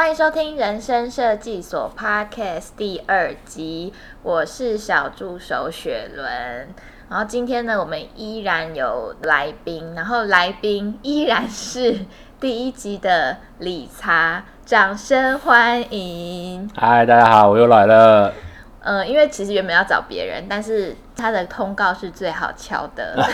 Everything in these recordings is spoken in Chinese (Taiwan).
歡迎收聽人生設計所 Podcast 第二集，我是小助手雪倫。然後今天呢，我們依然有來賓，然後來賓依然是第一集的理查，掌聲歡迎！嗨，大家好，我又來了。嗯、呃，因為其實原本要找別人，但是他的通告是最好敲的。啊，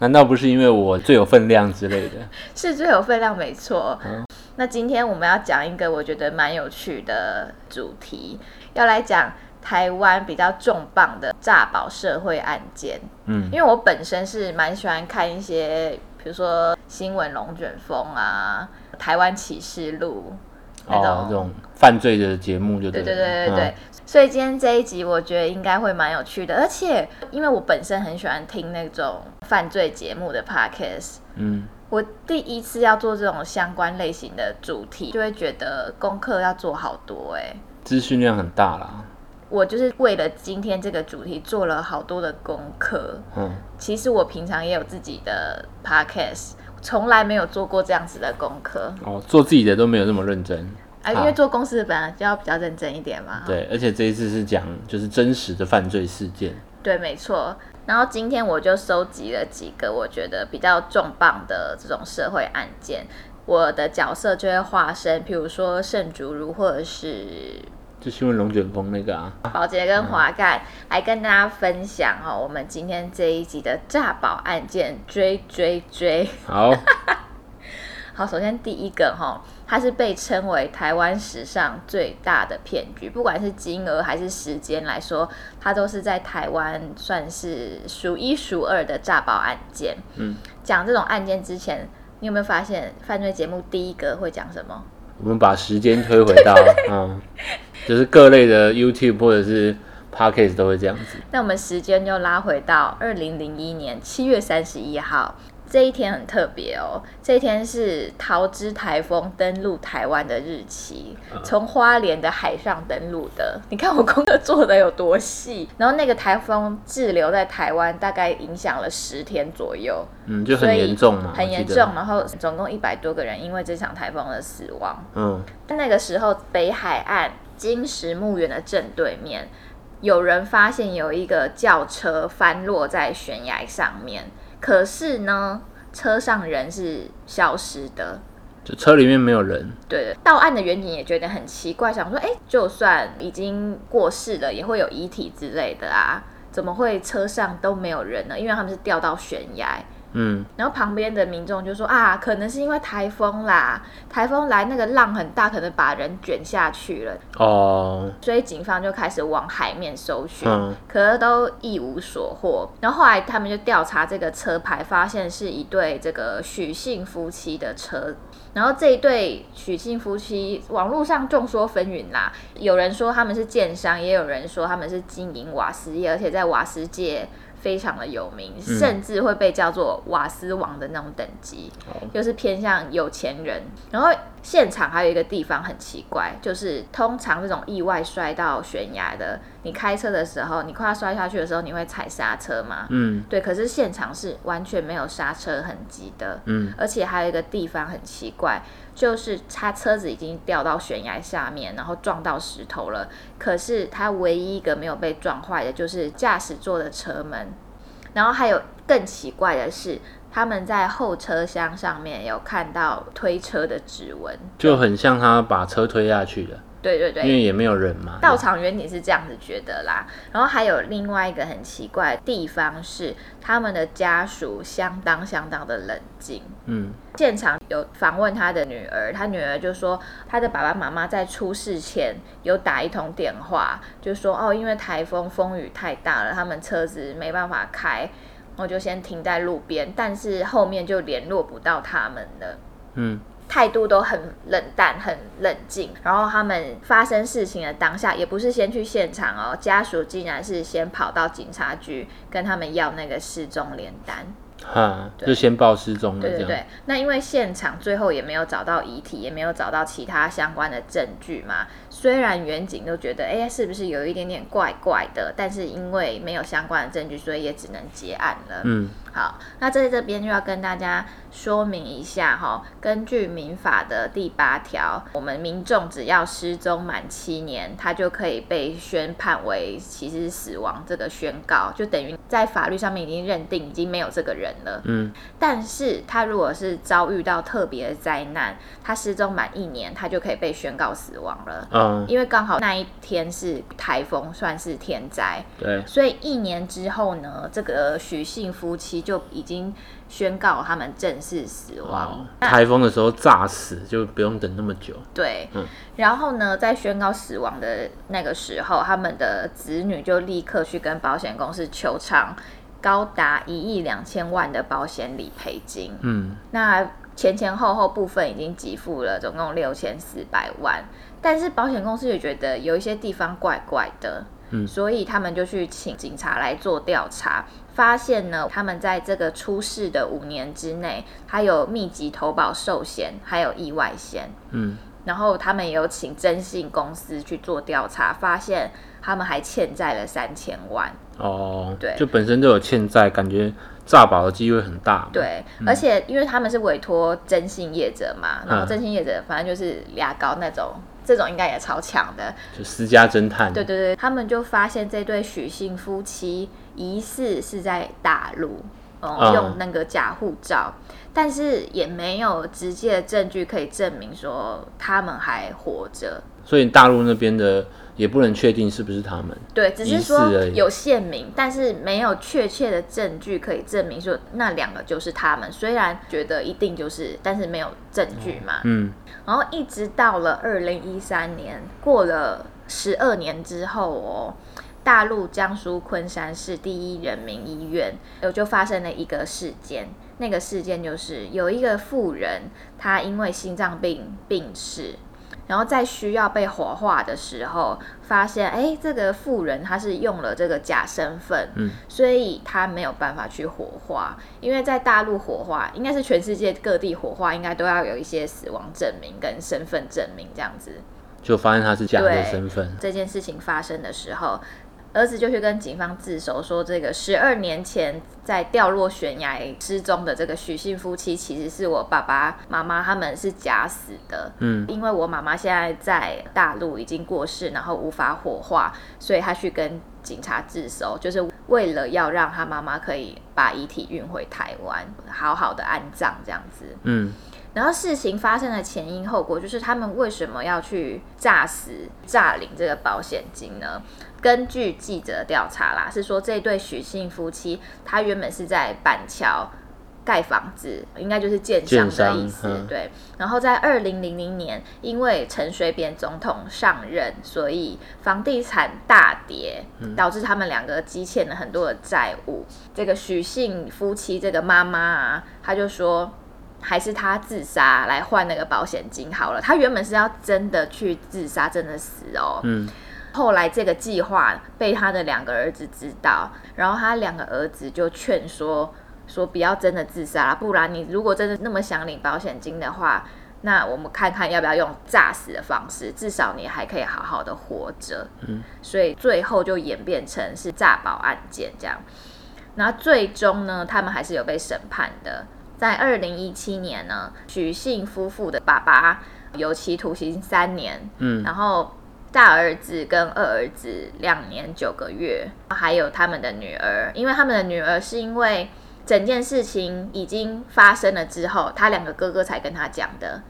難道不是因為我最有分量之類的？是最有分量，沒錯。嗯那今天我們要講一個我覺得蠻有趣的主題，要來講台灣比較重磅的詐保社會案件。嗯，因為我本身是蠻喜歡看一些，比如說《新聞龍捲風》啊，《台灣啟示錄》這種、哦、這種犯罪的節目就，就對，對對對對對。嗯，所以今天這一集我覺得應該會蠻有趣的，而且因為我本身很喜歡聽那種犯罪節目的 podcast。嗯。我第一次要做這種相關類型的主題，就會覺得功課要做好多哎、欸，資訊量很大啦。我就是為了今天這個主題做了好多的功課。嗯，其實我平常也有自己的 podcast，從來沒有做過這樣子的功課。哦，做自己的都沒有那麼認真啊，因為做公司的本來就要比較認真一點嘛。啊、對，而且這一次是講就是真實的犯罪事件，對，沒錯。然後今天我就收集了幾個我覺得比較重磅的這種社會案件，我的角色就會化身，譬如說盛竹如，或者是就新聞龍捲風那個啊，寶傑跟華蓋來跟大家分享哦，我們今天這一集的詐保案件追追追，好。好，首先第一個哈，它是被稱為台灣史上最大的騙局，不管是金額還是時間來說，它都是在台灣算是數一數二的詐保案件。嗯，講這種案件之前，你有沒有發現犯罪節目第一個會講什麼？我們把時間推回到 嗯，就是各類的 YouTube 或者是 Podcast 都會這樣子。那我們時間又拉回到二零零一年七月三十一號。這一天很特別哦，這一天是桃芝台風登陸臺灣的日期，從花蓮的海上登陸的。你看我功課做的有多細，然後那個台風滯留在臺灣，大概影響了十天左右。嗯，就很嚴重嘛，很嚴重。然後總共一百多個人因為這場颱風而死亡。嗯，那個時候北海岸金石墓園的正對面，有人發現有一個轎車翻落在懸崖上面。可是呢，車上人是消失的，就車裡面沒有人。對，的。到案的員警也覺得很奇怪，想說：哎、欸，就算已經過世了，也會有遺體之類的啊，怎麼會車上都沒有人呢？因為他們是掉到懸崖。嗯，然後旁邊的民眾就說啊，可能是因為颱風啦，颱風來那個浪很大，可能把人捲下去了。哦，所以警方就開始往海面搜尋，嗯、可都一無所獲。然後後來他們就調查這個車牌，發現是一對這個許姓夫妻的車。然後這一對許姓夫妻，網絡上眾說紛紜啦，有人說他們是建商，也有人說他們是經營瓦斯業，而且在瓦斯界。非常的有名，甚至會被叫做“瓦斯王”的那種等級，嗯、就是偏向有錢人。然後現場還有一個地方很奇怪，就是通常這種意外摔到懸崖的，你開車的時候，你快要摔下去的時候，你會踩剎車嗎？嗯，對。可是現場是完全沒有剎車痕跡的。嗯，而且還有一個地方很奇怪。就是他車子已經掉到懸崖下面，然後撞到石頭了。可是他唯一一個沒有被撞壞的，就是駕駛座的車門。然後還有更奇怪的是，他們在後車廂上面有看到推車的指紋，就很像他把車推下去的。對對對，因為也沒有人嘛。到場原理是這樣子覺得啦，啊、然後還有另外一個很奇怪的地方是，他們的家屬相當相當的冷靜。嗯，現場有訪問他的女兒，他女兒就說，他的爸爸媽媽在出事前有打一通電話，就說哦，因為台風風雨太大了，他們車子沒辦法開，我就先停在路邊，但是後面就聯絡不到他們了。嗯。態度都很冷淡，很冷靜，然後他們發生事情的當下，也不是先去現場哦，家屬竟然是先跑到警察局跟他們要那個失蹤聯單，哈，對就先報失蹤的這樣。對，對對，那因為現場最後也沒有找到遺體，也沒有找到其他相關的證據嘛。雖然原警都覺得，哎、欸，是不是有一點點怪怪的？但是因為沒有相關的證據，所以也只能結案了。嗯，好，那在這邊就要跟大家說明一下哈，根據民法的第八條，我們民眾只要失蹤滿七年，他就可以被宣判為其實死亡。這個宣告就等於在法律上面已經認定已經沒有這個人了。嗯，但是他如果是遭遇到特別的災難，他失蹤滿一年，他就可以被宣告死亡了。哦因為剛好那一天是台風，算是天災，對，所以一年之後呢，這個許姓夫妻就已經宣告他們正式死亡。哦、台風的時候炸死，就不用等那麼久。那對，嗯、然後呢，在宣告死亡的那個時候，他們的子女就立刻去跟保險公司求償高達一億兩千萬的保險理賠金。嗯，那前前後後部分已經給付了總共六千四百萬。但是保險公司也覺得有一些地方怪怪的，嗯，所以他們就去請警察來做調查，發現呢，他們在這個出事的五年之內，他有密集投保壽險，還有意外險，嗯，然後他們也有請徵信公司去做調查，發現他們還欠債了三千萬，哦，對，就本身就有欠債，感覺詐保的機會很大，對，嗯，而且因為他們是委託徵信業者嘛，然後徵信業者反正就是牙膏那種。這種應該也超強的，就私家偵探。對對對，他們就發現這對許姓夫妻疑似是在大陸哦，嗯啊、用那個假護照，但是也沒有直接的證據可以證明說他們還活着。所以大陸那邊的也不能確定是不是他們。對，只是說有姓名，但是沒有確切的證據可以證明說那兩個就是他們。雖然覺得一定就是，但是沒有證據嘛。嗯。然後一直到了二零一三年，過了十二年之後哦，大陸江蘇昆山市第一人民醫院，就發生了一個事件。那個事件就是有一個婦人，她因為心臟病病逝。然後在需要被火化的時候，發現誒，這個富人他是用了這個假身份，嗯、所以他沒有辦法去火化，因為在大陸火化，應該是全世界各地火化，應該都要有一些死亡證明跟身份證明這樣子，就發現他是假的身份。這件事情發生的時候，兒子就去跟警方自首，說這個十二年前在掉落懸崖失蹤的這個許姓夫妻，其實是我爸爸媽媽，他們是假死的。嗯，因為我媽媽現在在大陸已經過世，然後無法火化，所以他去跟警察自首，就是為了要讓他媽媽可以把遺體運回台灣，好好的安葬這樣子。嗯，然後事情發生的前因後果，就是他們為什麼要去詐死、詐領這個保險金呢？根據記者調查啦，是說這對許姓夫妻，他原本是在板橋蓋房子，應該就是建商的意思，嗯、對。然後在二零零零年，因為陳水扁總統上任，所以房地產大跌，導致他們兩個積欠了很多的債務。嗯、這個許姓夫妻這個媽媽啊，她就說，還是他自殺來換那個保險金好了。他原本是要真的去自殺，真的死哦。嗯後來這個計劃被他的兩個兒子知道，然後他兩個兒子就勸說說不要真的自殺啊，不然你如果真的那麼想領保險金的話，那我們看看要不要用詐死的方式，至少你還可以好好的活着。嗯，所以最後就演變成是詐保案件這樣。那最終呢，他們還是有被審判的。在二零一七年呢，許姓夫婦的爸爸有期徒刑三年。嗯，然後。大兒子跟二兒子兩年九個月，還有他們的女兒，因為他們的女兒是因為整件事情已經發生了之後，他兩個哥哥才跟他講的，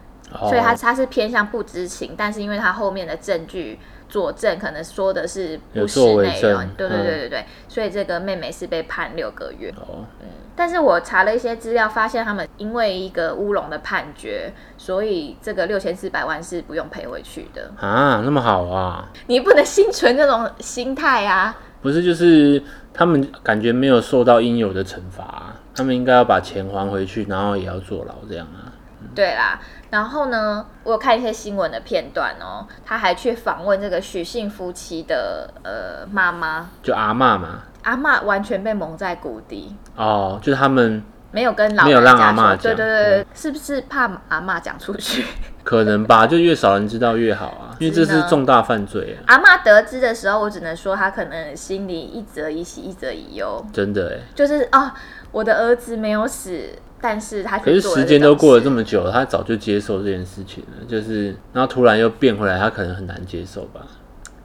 所以他他是偏向不知情，oh. 但是因為他後面的證據。作證可能說的是不是內容，對對對對對，嗯、所以這個妹妹是被判六個月。哦、嗯，但是我查了一些資料，發現他們因為一個烏龍的判決，所以這個六千四百萬是不用賠回去的。啊，那麼好啊！你不能心存這種心態啊！不是，就是他們感覺沒有受到應有的懲罰、啊，他們應該要把錢還回去，然後也要坐牢這樣啊。對啦，然後呢，我有看一些新聞的片段哦、喔，他還去訪問這個許姓夫妻的呃媽媽，媽媽就阿媽嘛，阿媽完全被蒙在鼓底哦，就是他們沒有跟老，沒有讓阿媽講，對對對，對是不是怕阿媽講出去？可能吧， 就越少人知道越好啊，因為這是重大犯罪、啊、阿媽得知的時候，我只能說她可能心裡一則一喜一則一憂、喔，真的哎、欸，就是啊。哦我的兒子沒有死，但是他可是時間都過了這麼久了，他早就接受這件事情了，就是然後突然又變回來，他可能很難接受吧？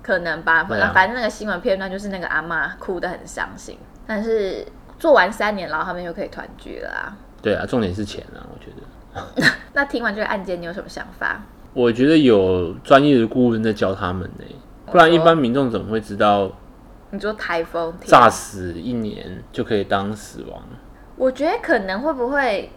可能吧，反正然、啊、反正那個新聞片段就是那個阿嬤哭得很傷心，但是做完三年，然後他們又可以團聚了啊！對啊，重點是錢啊，我覺得。 那聽完這個案件，你有什麼想法？我覺得有專業的顧問在教他們呢、欸，不然一般民眾怎麼會知道？你說台風炸死一年就可以當死亡？我覺得可能會不會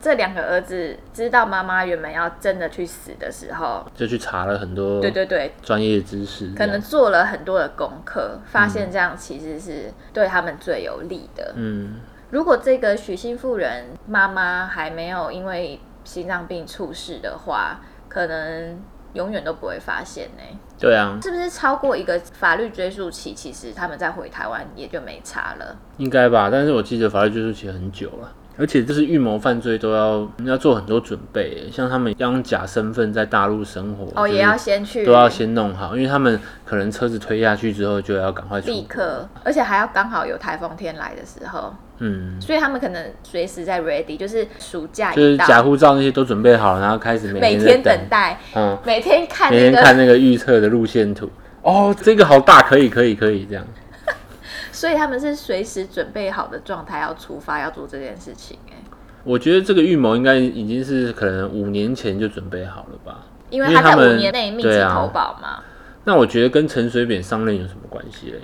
這兩個兒子知道媽媽原本要真的去死的時候，就去查了很多，對對對，專業知識，可能做了很多的功課，發現這樣其實是對他們最有利的。嗯，如果這個許姓婦人媽媽還沒有因為心臟病猝死的話，可能永遠都不會發現呢、欸。對啊，是不是超過一個法律追溯期，其實他們再回台灣也就沒差了？應該吧，但是我記得法律追溯期很久了，而且就是預謀犯罪都要要做很多準備，像他們用假身份在大陸生活，哦，就是、也要先去，都要先弄好，因為他們可能車子推下去之後就要趕快出國，立刻，而且還要剛好有台風天來的時候。嗯，所以他們可能隨時在 ready，就是暑假一到，就是假護照那些都準備好了，然後開始每天，等，每天等待，嗯、每天看那個預測的路線圖。哦、oh，這個好大，可以可以可以這樣。 所以他們是隨時準備好的狀態，要出發，要做這件事情，欸。哎，我覺得這個預謀應該已經是可能五年前就準備好了吧，因為他在五年內密集投保嘛。啊、那我覺得跟陳水扁商量有什麼關係嘞？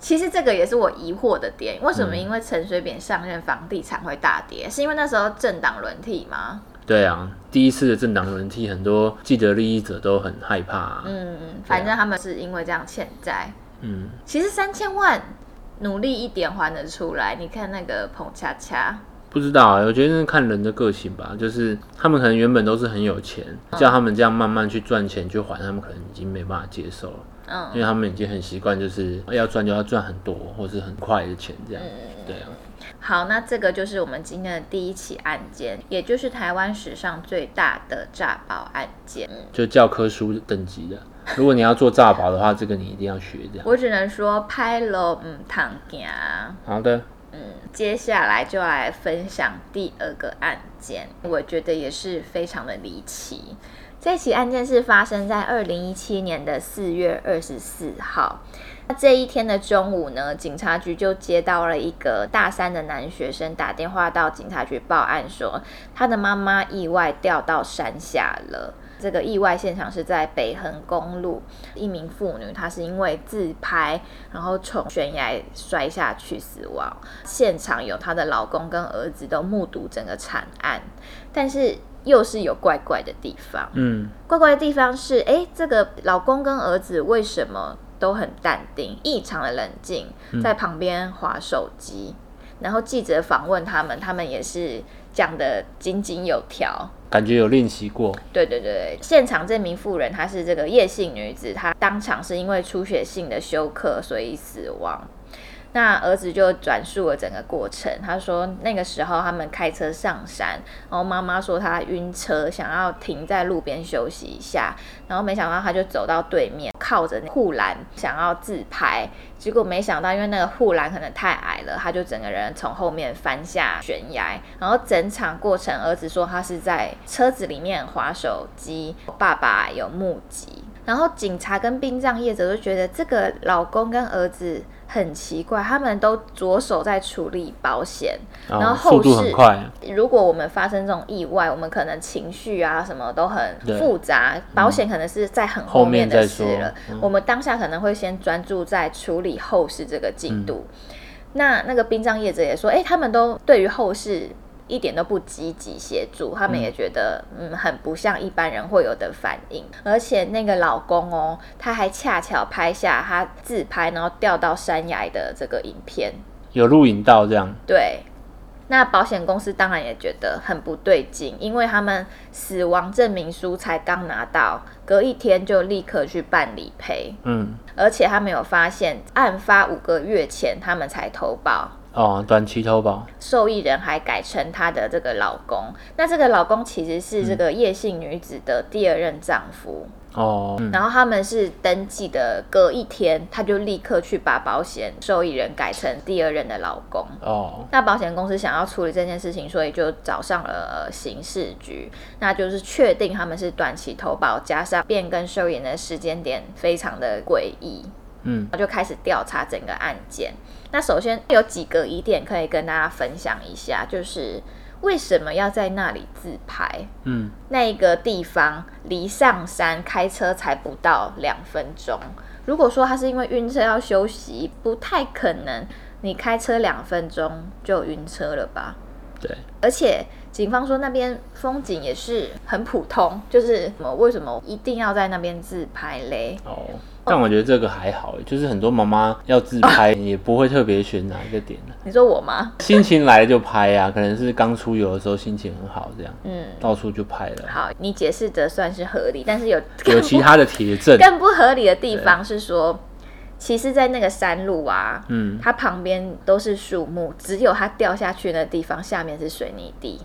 其實這個也是我疑惑的點，為什麼？因為陳水扁上任，房地產會大跌，嗯、是因為那時候政黨輪替嗎？對啊，第一次的政黨輪替，很多既得利益者都很害怕、啊。嗯，嗯，反正他們是因為這樣欠債。嗯，其實三千萬努力一點還得出來。你看那個澎恰恰，不知道啊，我覺得是看人的個性吧，就是他們可能原本都是很有錢，嗯、叫他們這樣慢慢去賺錢去還，他們可能已經沒辦法接受了。嗯、因為他們已經很習慣，就是要賺就要賺很多，或是很快的錢這樣。嗯、對啊。好，那這個就是我們今天的第一起案件，也就是台灣史上最大的詐保案件，嗯、就教科書等級的。如果你要做詐保的話， 這個你一定要學這樣。我只能說拍樓嗯，躺點好的。嗯，接下來就來分享第二個案件，我覺得也是非常的離奇。這起案件是發生在二零一七年的四月二十四號。那這一天的中午呢，警察局就接到了一個大三的男學生打電話到警察局報案說，他的媽媽意外掉到山下了。這個意外現場是在北橫公路，一名婦女她是因為自拍，然後從懸崖摔下去死亡。現場有她的老公跟兒子都目睹整個慘案，但是。又是有怪怪的地方，嗯，怪怪的地方是，誒、欸，這個老公跟兒子為什麼都很淡定，異常的冷靜，在旁邊滑手機，嗯、然後記者訪問他們，他們也是講得井井有條，感覺有練習過。對對對，現場這名婦人她是這個葉姓女子，她當場是因為出血性的休克，所以死亡。那兒子就轉述了整個過程。他說，那個時候他們開車上山，然後媽媽說她暈車，想要停在路邊休息一下。然後沒想到，他就走到對面，靠着護欄想要自拍。結果沒想到，因為那個護欄可能太矮了，他就整個人從後面翻下懸崖。然後整場過程，兒子說他是在車子裡面滑手機，爸爸有目擊。然後警察跟殯葬業者都覺得，這個老公跟兒子。很奇怪，他們都着手在處理保險，哦、然後後事。如果我們發生這種意外，我們可能情緒啊什麼都很複雜，嗯、保險可能是在很後面的事了。嗯、我們當下可能會先專注在處理後事這個進度。嗯、那那個殯葬業者也說，哎，他們都對於後事，一點都不積極協助，他們也覺得嗯，嗯，很不像一般人會有的反應，而且那個老公哦，他還恰巧拍下他自拍然後掉到山崖的這個影片，有錄影到這樣。對，那保險公司當然也覺得很不對勁，因為他們死亡證明書才剛拿到，隔一天就立刻去辦理賠，嗯，而且他沒有發現案發五個月前他們才投保。哦，短期投保受益人還改成他的這個老公，那這個老公其實是這個葉姓女子的第二任丈夫哦。嗯，然後他們是登記的隔一天，他就立刻去把保險受益人改成第二任的老公哦。那保險公司想要處理這件事情，所以就找上了刑事局，那就是確定他們是短期投保，加上變更受益人的時間點非常的詭異。嗯，我就開始調查整個案件。那首先有幾個疑點可以跟大家分享一下，就是為什麼要在那裡自拍？嗯，那一個地方離上山開車才不到兩分鐘。如果說他是因為暈車要休息，不太可能，你開車兩分鐘就暈車了吧？對，而且。警方說那邊風景也是很普通，就是什麼為什麼一定要在那邊自拍嘞？哦，但我覺得這個還好，就是很多媽媽要自拍也不會特別選哪一個點。哦，你說我嗎？心情來了就拍呀，啊，可能是剛出遊的時候心情很好，這樣嗯，到處就拍了。好，你解釋的算是合理，但是有有其他的鐵證。更不合理的地方是說，對其實，在那個山路啊，嗯，它旁邊都是樹木，只有它掉下去那地方下面是水泥地。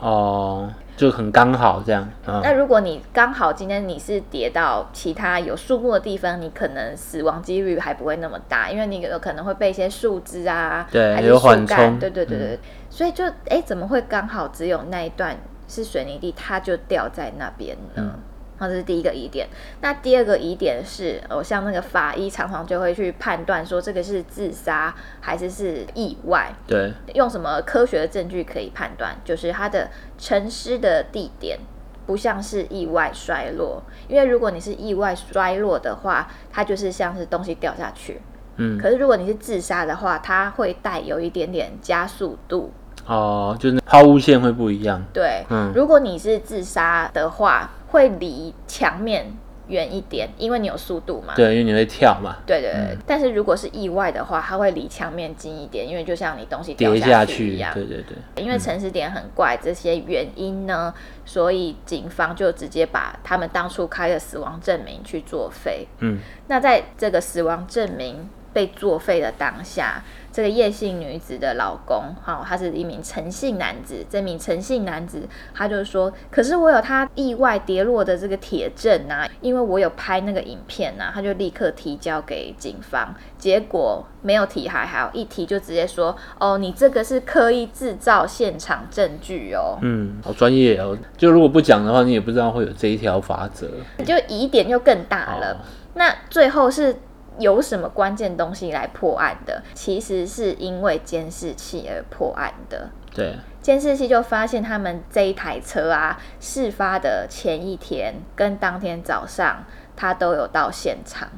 哦，就很剛好這樣。嗯、那如果你剛好今天你是跌到其他有樹木的地方，你可能死亡幾率還不會那麼大，因為你有可能會被一些樹枝啊，對，還是樹幹有緩衝，對對對對。嗯、所以就哎，怎麼會剛好只有那一段是水泥地，它就掉在那邊呢？嗯那這是第一個疑點，那第二個疑點是，哦，像那個法醫常常就會去判斷說，這個是自殺還是是意外？對，用什麼科學的證據可以判斷？就是它的沉屍的地點不像是意外摔落，因為如果你是意外摔落的話，它就是像是東西掉下去。嗯，可是如果你是自殺的話，它會帶有一點點加速度。哦，就是拋物線會不一樣。對，嗯，如果你是自殺的話。會離牆面遠一點，因為你有速度嘛。對，因為你會跳嘛。對對對。嗯、但是如果是意外的話，它會離牆面近一點，因為就像你東西掉下去一樣。對對對。嗯、因為陳屍點很怪這些原因呢，所以警方就直接把他們當初開的死亡證明去作廢。嗯。那在這個死亡證明。被作廢的當下，這個葉姓女子的老公，好、哦，他是一名陳姓男子。這名陳姓男子，他就說，可是我有他意外跌落的這個鐵證啊，因為我有拍那個影片啊，他就立刻提交給警方。結果沒有提還好，一提就直接說，哦，你這個是刻意製造現場證據哦。嗯，好專業哦。就如果不講的話，你也不知道會有這一條法則，就疑點就更大了。好那最後是。有什麼關鍵東西來破案的？其實是因為監視器而破案的。對，監視器就發現他們這一台車啊，事發的前一天跟當天早上，他都有到現場。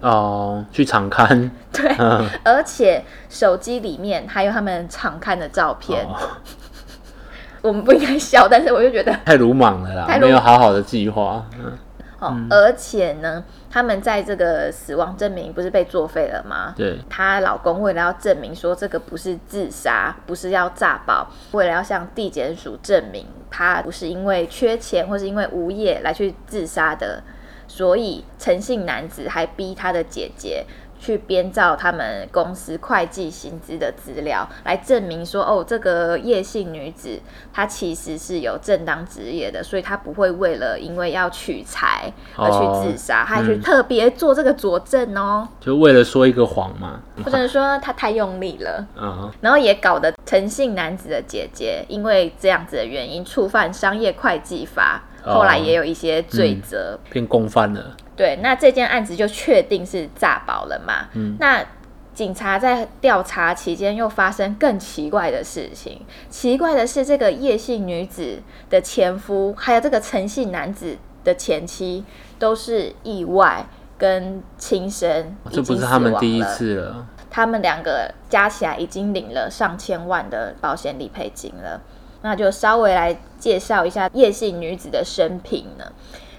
哦，去場勘。對， 而且手機裡面還有他們場勘的照片。哦、 我們不應該笑，但是我就覺得太魯莽了啦，了沒有好好的計劃。嗯。哦嗯、而且呢，他們在這個死亡證明不是被作廢了嗎？對，她老公為了要證明說這個不是自殺，不是要詐保，為了要向地檢署證明他不是因為缺錢或是因為無業來去自殺的，所以陳姓男子還逼他的姐姐，去編造他們公司會計薪資的資料，來證明說，哦，這個葉姓女子她其實是有正當職業的，所以她不會為了因為要取財而去自殺，哦嗯、她還去特別做這個佐證哦，就為了說一個謊嘛？或、嗯、者說她太用力了，哦、然後也搞得陳姓男子的姐姐因為這樣子的原因觸犯商業會計法。後來也有一些罪責，哦嗯、變共犯了。對，那這件案子就確定是詐保了嘛。嗯、那警察在調查期間又發生更奇怪的事情。奇怪的是，這個葉姓女子的前夫，還有這個陳姓男子的前妻，都是意外跟輕生，啊，這不是他們第一次了。他們兩個加起來已經領了上千萬的保險理賠金了。那就稍微來介紹一下葉姓女子的生平呢。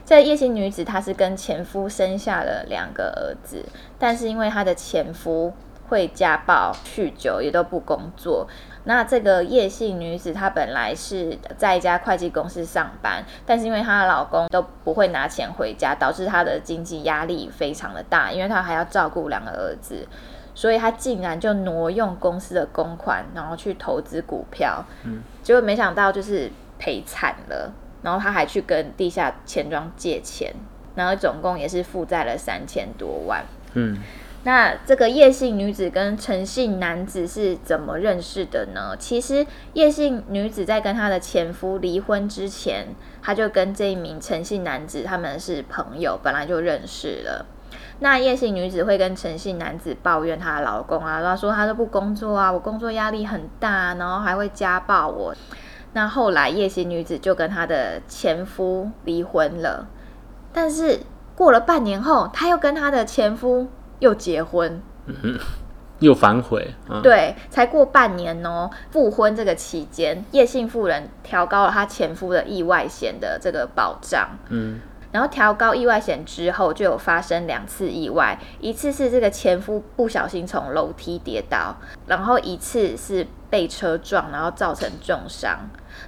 這葉姓女子她是跟前夫生下了兩個兒子，但是因為她的前夫會家暴、酗酒，也都不工作。那這個葉姓女子她本來是在一家會計公司上班，但是因為她的老公都不會拿錢回家，導致她的經濟壓力非常的大，因為她還要照顧兩個兒子。所以他竟然就挪用公司的公款，然後去投資股票，結果，嗯，沒想到就是賠慘了。然後他還去跟地下錢莊借錢，然後總共也是負債了三千多萬。嗯，那這個葉姓女子跟陳姓男子是怎麼認識的呢？其實葉姓女子在跟她的前夫離婚之前，她就跟這一名陳姓男子他們是朋友，本來就認識了。那葉姓女子會跟陳姓男子抱怨她的老公啊，說她都不工作啊，我工作壓力很大，然後還會家暴我。那後來葉姓女子就跟她的前夫離婚了，但是過了半年後，她又跟她的前夫又結婚，嗯哼，又反悔，啊、對，才過半年哦，復婚這個期間，葉姓婦人調高了她前夫的意外險的這個保障，嗯。然後調高意外險之後，就有發生兩次意外，一次是這個前夫不小心從樓梯跌倒，然後一次是被車撞，然後造成重傷。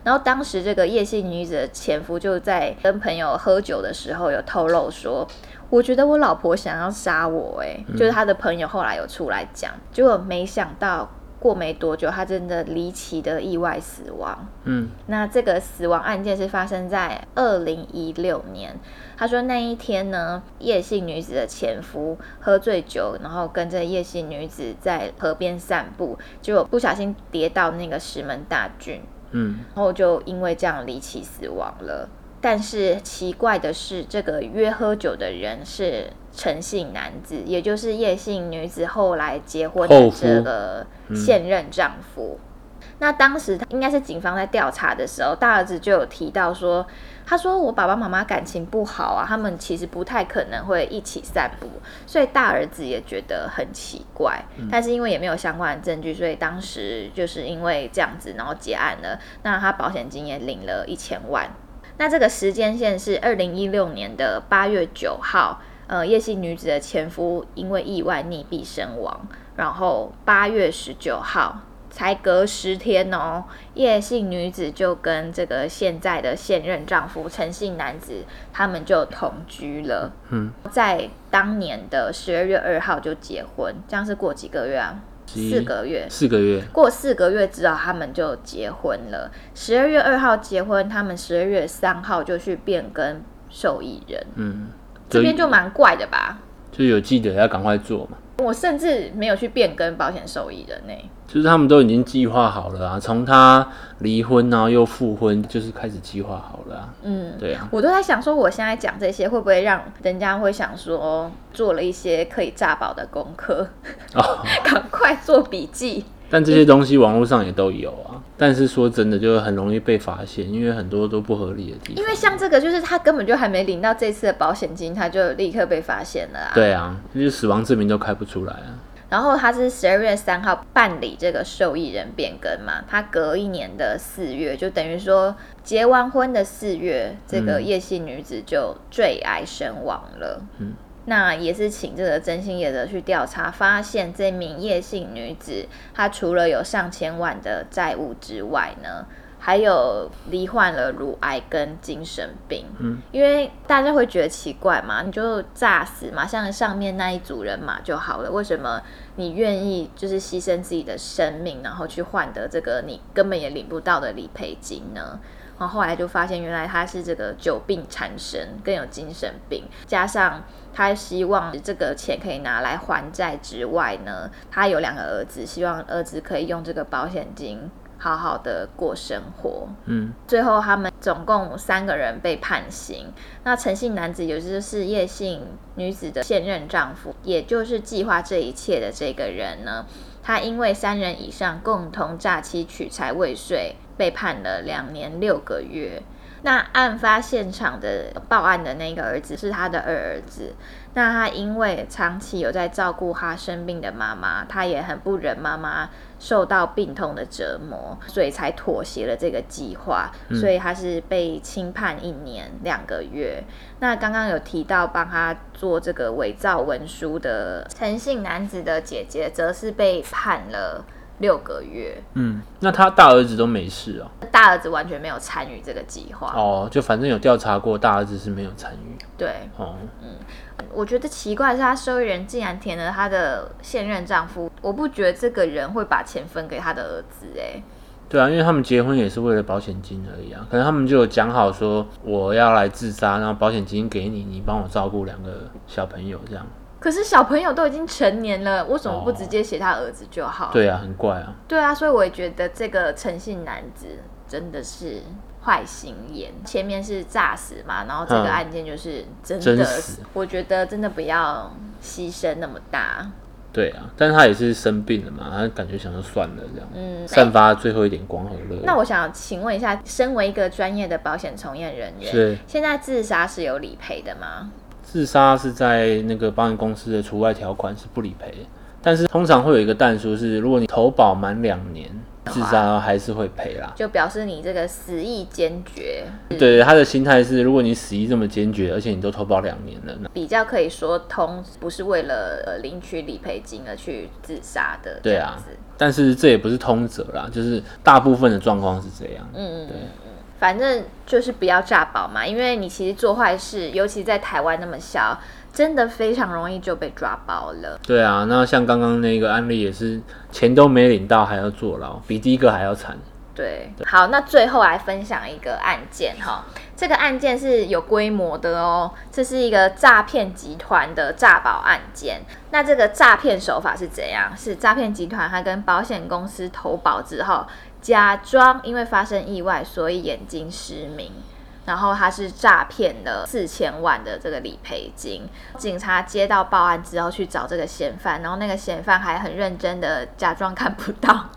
然後當時這個葉姓女子的前夫就在跟朋友喝酒的時候有透露說：“我覺得我老婆想要殺我誒。嗯”哎，就是他的朋友後來有出來講，結果沒想到。過沒多久，他真的離奇的意外死亡。嗯，那這個死亡案件是發生在二零一六年。他說那一天呢，葉姓女子的前夫喝醉酒，然後跟着葉姓女子在河邊散步，結果不小心跌到那個石門大郡。嗯，然後就因為這樣離奇死亡了。但是奇怪的是，這個約喝酒的人是。陳姓男子，也就是葉姓女子後來結婚的這個現任丈夫。夫。嗯。那當時他應該是警方在調查的時候，大兒子就有提到說：“他說我爸爸媽媽感情不好啊，他們其實不太可能會一起散步。”所以大兒子也覺得很奇怪。但是因為也沒有相關的證據，所以當時就是因為這樣子，然後結案了。那他保險金也領了一千萬。那這個時間線是二零一六年的八月九號。呃，葉姓女子的前夫因為意外溺斃身亡，然後八月十九號，才隔十天哦，葉姓女子就跟這個現在的現任丈夫陳姓男子，他們就同居了。嗯，在當年的十二月二號就結婚，這樣是過幾個月啊？幾四個月，四個月。過四個月之後，他們就結婚了。十二月二號結婚，他們十二月三號就去變更受益人。嗯。這邊就蠻怪的吧，就，就有記者要趕快做嘛。我甚至沒有去變更保險受益人呢。就是他們都已經計劃好了啊，從他離婚然、啊、後又復婚，就是開始計劃好了、啊。嗯，對啊，我都在想說，我現在講這些會不會讓人家會想說，做了一些可以詐保的功課，哦、 趕快做筆記。但這些東西網絡上也都有啊，但是說真的，就很容易被發現，因為很多都不合理的地方。因為像這個，就是他根本就還沒領到這次的保險金，他就立刻被發現了啊。對啊，就是死亡證明都開不出來啊。然後他是十二月三號辦理這個受益人變更嘛，他隔一年的四月，就等於說結完婚的四月，這個葉姓女子就墜崖身亡了。嗯。嗯那也是請這個徵信業者去調查，發現這名葉姓女子，她除了有上千萬的債務之外呢，還有罹患了乳癌跟精神病。嗯，因為大家會覺得奇怪嘛，你就詐死嘛，像上面那一組人嘛就好了。為什麼你願意就是犧牲自己的生命，然後去換得這個你根本也領不到的理賠金呢？然後後來就發現，原來他是這個久病纏身，更有精神病，加上他希望這個錢可以拿來還債之外呢，他有兩個兒子，希望兒子可以用這個保險金好好的過生活。嗯，最後他們總共三個人被判刑。那陳姓男子，也就是葉姓女子的現任丈夫，也就是計劃這一切的這個人呢，他因為三人以上共同詐欺取財未遂，被判了兩年六個月。那案發現場的報案的那個兒子是他的二兒子。那他因為長期有在照顧他生病的媽媽，他也很不忍媽媽受到病痛的折磨，所以才妥協了這個計劃。嗯。所以他是被輕判一年兩個月。那剛剛有提到幫他做這個偽造文書的陳姓男子的姐姐，則是被判了。六個月，嗯，那他大兒子都沒事啊？哦，大兒子完全沒有參與這個計劃，哦，就反正有調查過，大兒子是沒有參與，對，哦，嗯，我覺得奇怪的是，他受益人竟然填了他的現任丈夫，我不覺得這個人會把錢分給他的兒子，哎，對啊，因為他們結婚也是為了保險金而已啊，可能他們就有講好說，我要來自殺，然後保險金給你，你幫我照顧兩個小朋友這樣。可是小朋友都已經成年了，為什麼不直接寫他兒子就好？哦、對啊，很怪啊。對啊，所以我也覺得這個誠信男子真的是壞心眼。前面是詐死嘛，然後這個案件就是真的。嗯、真實我覺得真的不要犧牲那麼大。對啊，但是他也是生病了嘛，他感覺想說算了這樣。嗯。散發最後一點光和熱。那我想請問一下，身為一個專業的保險從業人員，是現在自殺是有理賠的嗎？自殺是在那個保險公司的除外條款是不理賠的，但是通常會有一個但書是，如果你投保滿兩年的話，自殺還是會賠啦，就表示你這個死意堅決。對他的心態是，如果你死意這麼堅決，而且你都投保兩年了，那比較可以說通，不是為了領取理賠金而去自殺的。對啊，但是這也不是通則啦，就是大部分的狀況是這樣。嗯嗯，對。反正就是不要詐保嘛，因為你其實做壞事，尤其在台灣那麼小，真的非常容易就被抓包了。對啊，那像剛剛那個案例也是，錢都沒領到還要坐牢，比第一個還要慘。對，對，好，那最後來分享一個案件哈、哦，這個案件是有規模的哦，這是一個詐騙集團的詐保案件。那這個詐騙手法是怎樣？是詐騙集團他跟保險公司投保之後。假裝因為發生意外，所以眼睛失明，然後他是詐騙了四千萬的這個理賠金。警察接到報案之後去找這個嫌犯，然後那個嫌犯還很認真的假裝看不到，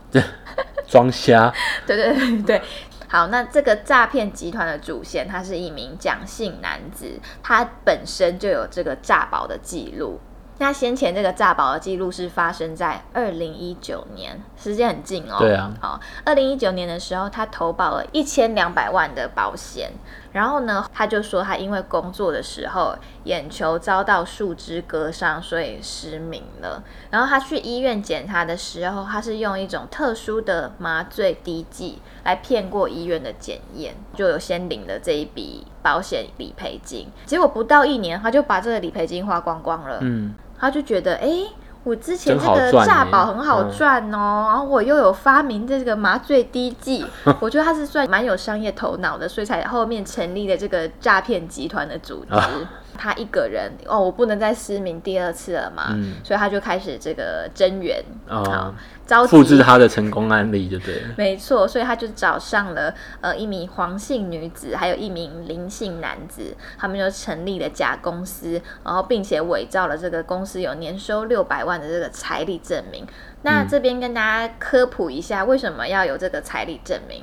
裝瞎俠。 對對對對，好，那這個詐騙集團的主嫌，他是一名蔣姓男子，他本身就有這個詐保的記錄。那先前這個詐保的記錄是發生在二零一九年，時間很近哦。對啊，哦，二零一九年的時候，他投保了一千兩百萬的保險，然後呢，他就說他因為工作的時候眼球遭到樹枝割傷，所以失明了。然後他去醫院檢查的時候，他是用一種特殊的麻醉滴劑來騙過醫院的檢驗，就有先領了這一筆保險理賠金。結果不到一年，他就把這個理賠金花光光了。嗯。他就覺得，哎、欸，我之前這個詐保很好賺哦、喔，然後、欸嗯、我又有發明這個麻醉滴劑， 我覺得他是算蠻有商業頭腦的，所以才後面成立了這個詐騙集團的組織。啊他一個人哦，我不能再失明第二次了嘛，嗯、所以他就開始這個增援啊，招、嗯、複製他的成功案例就對了，對不對？沒錯，所以他就找上了呃一名黃姓女子，還有一名林姓男子，他們就成立了假公司，然後並且偽造了這個公司有年收六百萬的這個財力證明。那這邊跟大家科普一下，為什麼要有這個財力證明、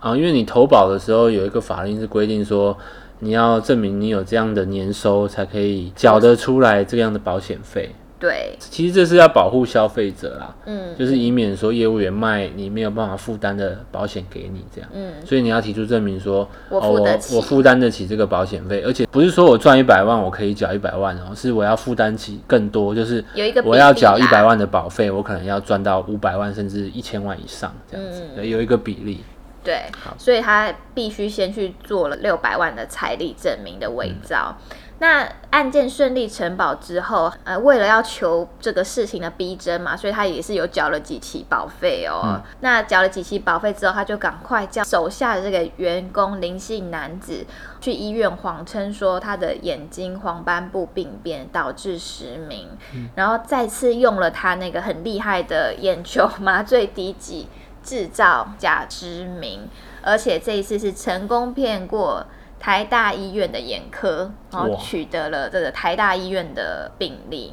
嗯、啊？因為你投保的時候有一個法令是規定說。你要證明你有這樣的年收，才可以繳得出來這樣的保險費、嗯。對，其實這是要保護消費者啦，嗯，就是以免說業務員賣你沒有辦法負擔的保險給你這樣，嗯，所以你要提出證明說，我、哦、我負擔得起這個保險費，而且不是說我賺一百萬我可以繳一百萬、喔，哦，是我要負擔起更多，就是有一個我要繳一百萬的保費，我可能要賺到五百萬甚至一千萬以上這樣子，嗯、有一個比例。對，好所以他必須先去做了六百萬的財力證明的偽造。嗯、那案件順利承保之後，呃，為了要求這個事情的逼真嘛，所以他也是有繳了幾期保費哦。嗯、那繳了幾期保費之後，他就趕快叫手下的這個員工林姓男子去醫院謊稱說他的眼睛黃斑部病變導致失明，嗯、然後再次用了他那個很厲害的眼球麻醉滴劑。製造假知名，而且這一次是成功騙過台大醫院的眼科，然後取得了這個台大醫院的病歷。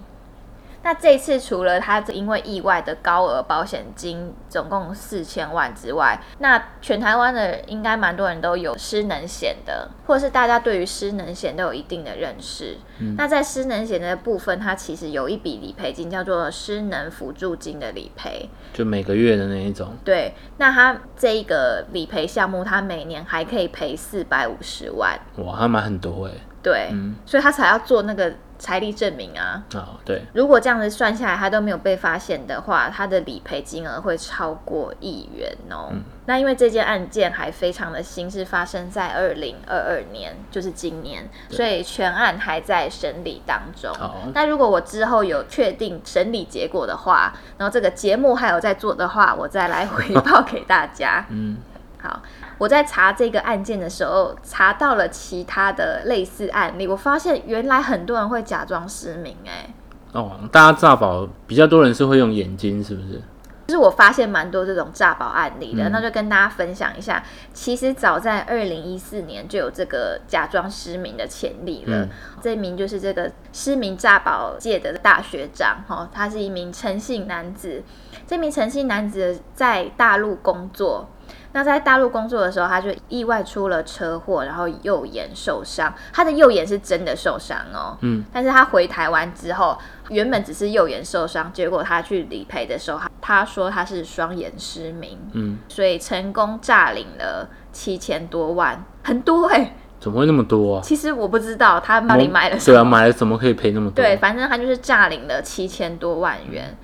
那這一次除了他因為意外的高額保險金，總共四千萬之外，那全台灣的應該蠻多人都有失能險的，或者是大家對於失能險都有一定的認識。嗯、那在失能險的部分，它其實有一筆理賠金，叫做失能輔助金的理賠，就每個月的那一種。對，那他這一個理賠項目，他每年還可以賠四百五十萬。哇，還蠻很多哎。對，嗯、所以他才要做那個。財力證明啊，oh, 對，如果這樣子算下來，他都沒有被發現的話，他的理賠金額會超過億元哦。嗯、那因為這件案件還非常的新，是發生在二零二二年，就是今年，所以全案還在審理當中。那對如果我之後有確定審理結果的話，然後這個節目還有在做的話，我再來回報給大家。 嗯。好，我在查這個案件的時候，查到了其他的類似案例。我發現原來很多人會假裝失明、欸，哎哦，大家詐保比較多人是會用眼睛，是不是？就是我發現蠻多這種詐保案例的，嗯、那就跟大家分享一下。其實早在二零一四年就有這個假裝失明的前例了。嗯、這名就是這個失明詐保界的大學長哦，他是一名程姓男子。這名程姓男子在大陸工作。那在大陸工作的時候，他就意外出了車禍，然後右眼受傷。他的右眼是真的受傷哦。嗯。但是他回台灣之後，原本只是右眼受傷，結果他去理賠的時候，他他說他是雙眼失明。嗯。所以成功詐領了七千多萬，很多哎。怎麼會那麼多啊？其實我不知道他到底買了什麼。哦，對啊，買了怎麼可以賠那麼多啊？對，反正他就是詐領了七千多萬元。嗯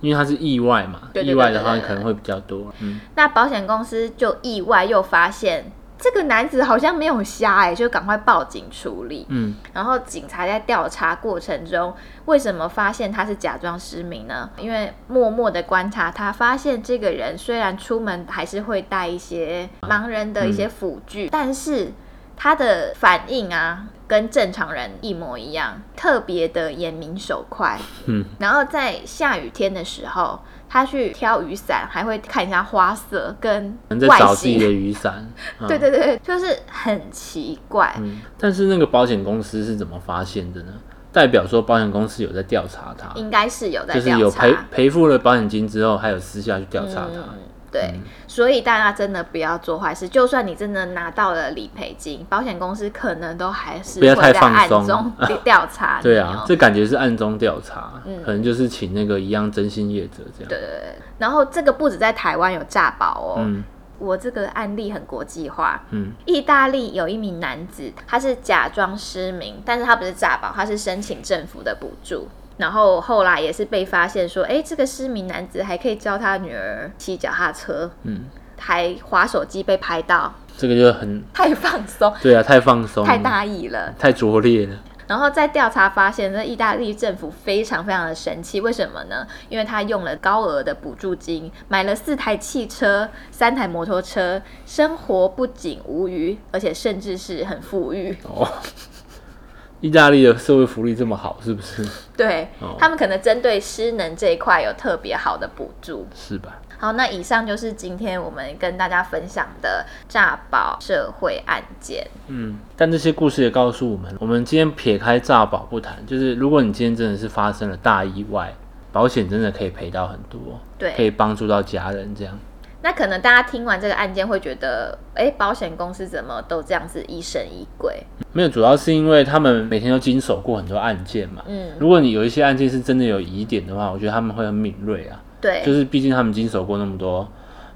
因為他是意外嘛，意外的話可能會比較多，啊。嗯，那保險公司就意外又發現這個男子好像沒有瞎，欸，哎，就趕快報警處理。嗯，然後警察在調查過程中，為什麼發現他是假裝失明呢？因為默默的觀察他，發現這個人雖然出門還是會帶一些盲人的一些輔具，啊嗯、但是。他的反應啊，跟正常人一模一樣，特別的眼明手快。嗯，然後在下雨天的時候，他去挑雨傘，還會看一下花色跟外在地的雨傘。啊、 對對對，就是很奇怪。嗯，但是那個保險公司是怎麼發現的呢？代表說保險公司有在調查他，應該是有在調查。就是有賠賠付了保險金之後，還有私下去調查他。嗯對，嗯、所以大家真的不要做壞事。就算你真的拿到了理賠金，保險公司可能都還是會在暗中去調查、啊。對啊，這感覺是暗中調查，嗯、可能就是請那個一樣徵信業者這樣。對對對。然後這個不止在台灣有詐保哦、喔，嗯、我這個案例很國際化。嗯，意大利有一名男子，他是假裝失明，但是他不是詐保，他是申請政府的補助。然後後來也是被發現說，哎，這個失明男子還可以教他女兒騎腳踏車，嗯，還滑手機被拍到，這個就很太放鬆，對啊，太放鬆，太大意了，太拙劣了。然後在調查發現，這意大利政府非常非常的神奇，為什麼呢？因為他用了高額的補助金，買了四台汽車，三台摩托車，生活不僅無虞，而且甚至是很富裕。哦。意大利的社會福利這麼好，是不是？對，他們可能針對失能這一塊有特別好的補助，是吧？好，那以上就是今天我們跟大家分享的詐保社會案件。嗯，但這些故事也告訴我們，我們今天撇開詐保不談，就是如果你今天真的是發生了大意外，保險真的可以賠到很多，對，可以幫助到家人這樣。那可能大家聽完這個案件會覺得，哎、欸，保險公司怎麼都這樣子疑神疑鬼？沒有，主要是因為他們每天都經手過很多案件嘛。嗯，如果你有一些案件是真的有疑點的話，我覺得他們會很敏銳啊。對，就是畢竟他們經手過那麼多。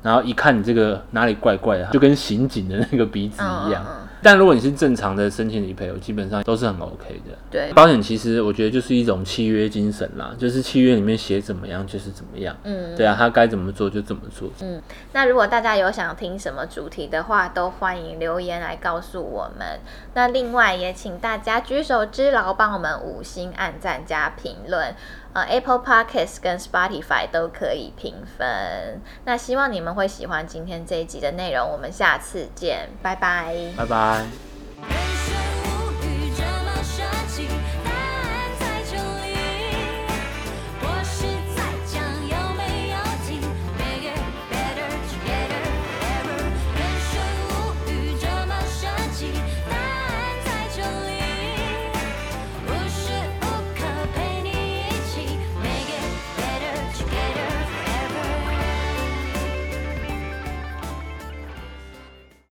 然後一看你這個哪裡怪怪的，就跟刑警的那個鼻子一樣。嗯嗯、但如果你是正常的申請理賠，我基本上都是很 OK 的。對，保險其實我覺得就是一種契約精神啦，就是契約裡面寫怎麼樣就是怎麼樣。嗯，對啊，他該怎麼做就怎麼做。嗯，那如果大家有想聽什麼主題的話，都歡迎留言來告訴我們。那另外也請大家舉手之勞，幫我們五星按讚加評論。呃，嗯，Apple Podcasts 跟 Spotify 都可以評分。那希望你們會喜歡今天這一集的內容。我們下次見，拜拜。拜拜。